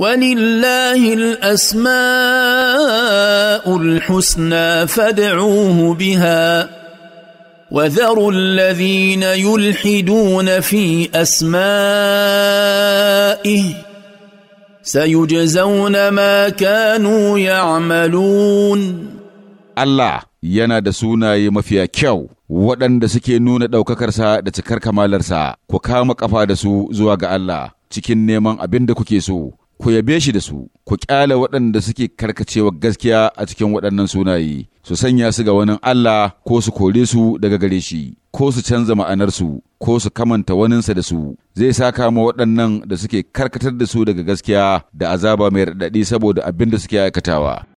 ولله الاسماء الحسنى فادعوه بها وذروا الذين يلحدون في اسمائه سيجزون ما كانوا يعملون الله yana da sunaye mafiya kyau waɗanda suke nuna ɗaukakarsa da cikar kamalarsa ku kama ƙafa da su zuwa ga Allah cikin neman abin da kuke so ku yabe shi da su, ku ƙyale waɗanda suke karkacewa gaskiya a cikin waɗannan sunaye, su sanya su ga wani Allah ko su kore su daga gare shi, ko su canza ma'anarsu, ko su kamanta waninsa da su, zai saka ma waɗannan da suke karkatar da su daga gaskiya da azaba mai raɗaɗi saboda abin da suke aikatawa.